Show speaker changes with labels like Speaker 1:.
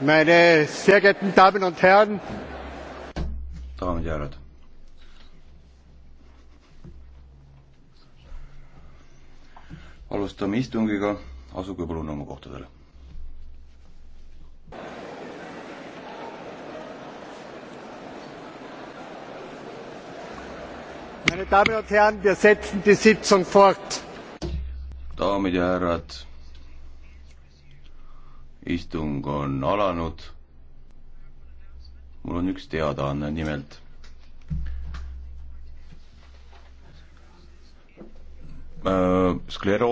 Speaker 1: meine sehr geehrten Damen und Herren! daamid
Speaker 2: ja härrad. alustame istungiga, asuge palun oma kohtadele.
Speaker 3: Meine Damen und Herren, wir setzen die Sitzung fort.
Speaker 4: daamid ja härrad istung on alanud. mul on üks teadaanne nimelt.
Speaker 5: Äh, skleroo-